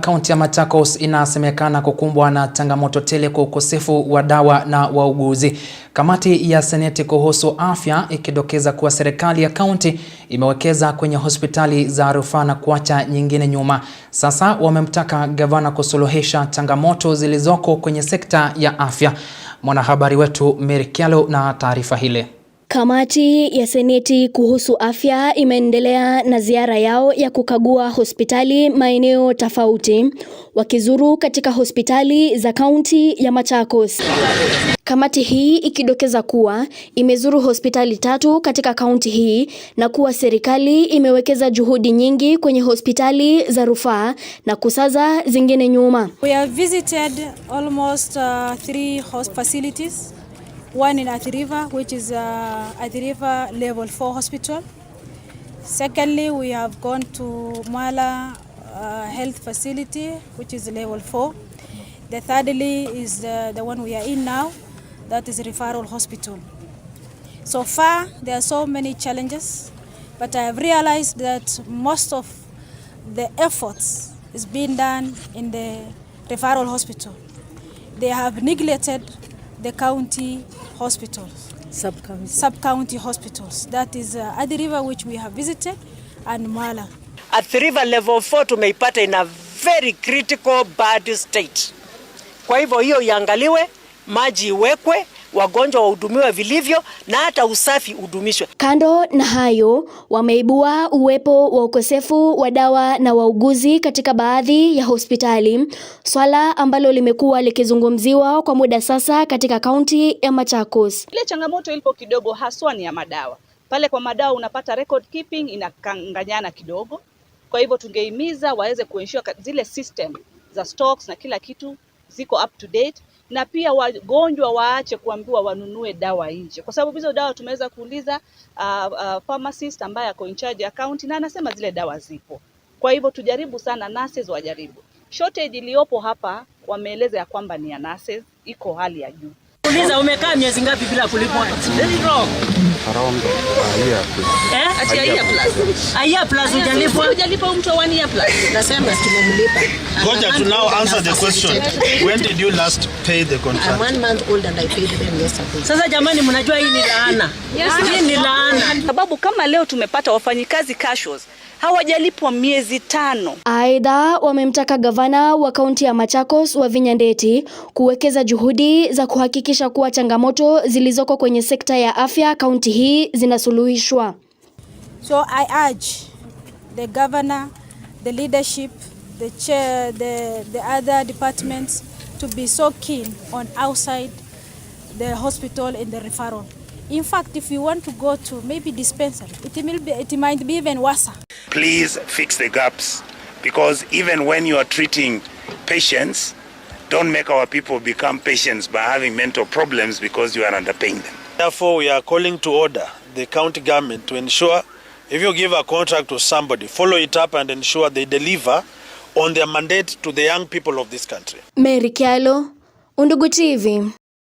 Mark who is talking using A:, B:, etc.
A: Kaunti ya Machakos inasemekana kukumbwa na changamoto tele kwa ukosefu wa dawa na wauguzi. Kamati ya Seneti kuhusu afya ikidokeza kuwa serikali ya kaunti imewekeza kwenye hospitali za rufaa na kuacha nyingine nyuma. Sasa wamemtaka gavana kusuluhisha changamoto zilizoko kwenye sekta ya afya. Mwanahabari wetu Mary Kyalo na taarifa hile.
B: Kamati ya Seneti kuhusu afya imeendelea na ziara yao ya kukagua hospitali maeneo tofauti, wakizuru katika hospitali za kaunti ya Machakos. Kamati hii ikidokeza kuwa imezuru hospitali tatu katika kaunti hii na kuwa serikali imewekeza juhudi nyingi kwenye hospitali za rufaa na kusaza zingine nyuma.
C: We have visited almost, uh, three facilities. One in Athi River, which is uh, Athi River Level 4 Hospital. Secondly, we have gone to mala uh, Health Facility, which is Level 4. The thirdly is the, uh, the one we are in now, that is Referral Hospital. So far, there are so many challenges, but I have realized that most of the efforts is being done in the referral hospital. They have neglected the county hospitals. Sub-county. Sub-county hospitals. That is uh, Athi River which we have visited and Mwala.
D: Athi River level 4 tumeipata in a very critical bad state. Kwa hivyo hiyo iangaliwe, maji iwekwe wagonjwa wahudumiwe vilivyo na hata usafi udumishwe.
B: Kando na hayo, wameibua uwepo wa ukosefu wa dawa na wauguzi katika baadhi ya hospitali, swala ambalo limekuwa likizungumziwa kwa muda sasa katika kaunti ya Machakos.
E: Ile changamoto ilipo kidogo haswa ni ya madawa pale kwa madawa unapata record keeping inakanganyana kidogo. Kwa hivyo tungehimiza waweze kuensure zile system za stocks na kila kitu ziko up to date na pia wagonjwa waache kuambiwa wanunue dawa nje, kwa sababu hizo dawa tumeweza kuuliza uh, uh, pharmacist ambaye ako in charge account na anasema zile dawa zipo. Kwa hivyo tujaribu sana, nurses wajaribu. Shortage iliyopo hapa wameeleza ya kwamba ni ya nurses, iko hali ya juu.
F: Nakuuliza umekaa miezi ngapi bila kulipwa? Uh, eh? plus. plus. plus wa year Nasema tumemlipa.
G: Ngoja to now answer the question. When did you last pay the contract?
H: I'm One month old and I paid them yesterday.
I: Sasa jamani, mnajua hii ni laana. Hii ni laana.
J: Sababu kama leo tumepata wafanyikazi casuals hawajalipwa miezi tano.
B: Aidha, wamemtaka gavana wa kaunti ya Machakos Wavinya Ndeti kuwekeza juhudi za kuhakikisha kuwa changamoto zilizoko kwenye sekta ya afya kaunti hii zinasuluhishwa.
C: So I urge the governor, the leadership, the chair, the, the other departments to be so keen on outside the hospital and the referral. In fact, if you want to go to maybe dispensary, it, will be, it might be even worse
K: please fix the gaps because even when you are treating patients don't make our people become patients by having mental problems because you are underpaying them
L: therefore we are calling to order the county government to ensure if you give a contract to somebody follow it up and ensure they deliver on their mandate to the young people of this country
B: Mary Kialo, Undugu TV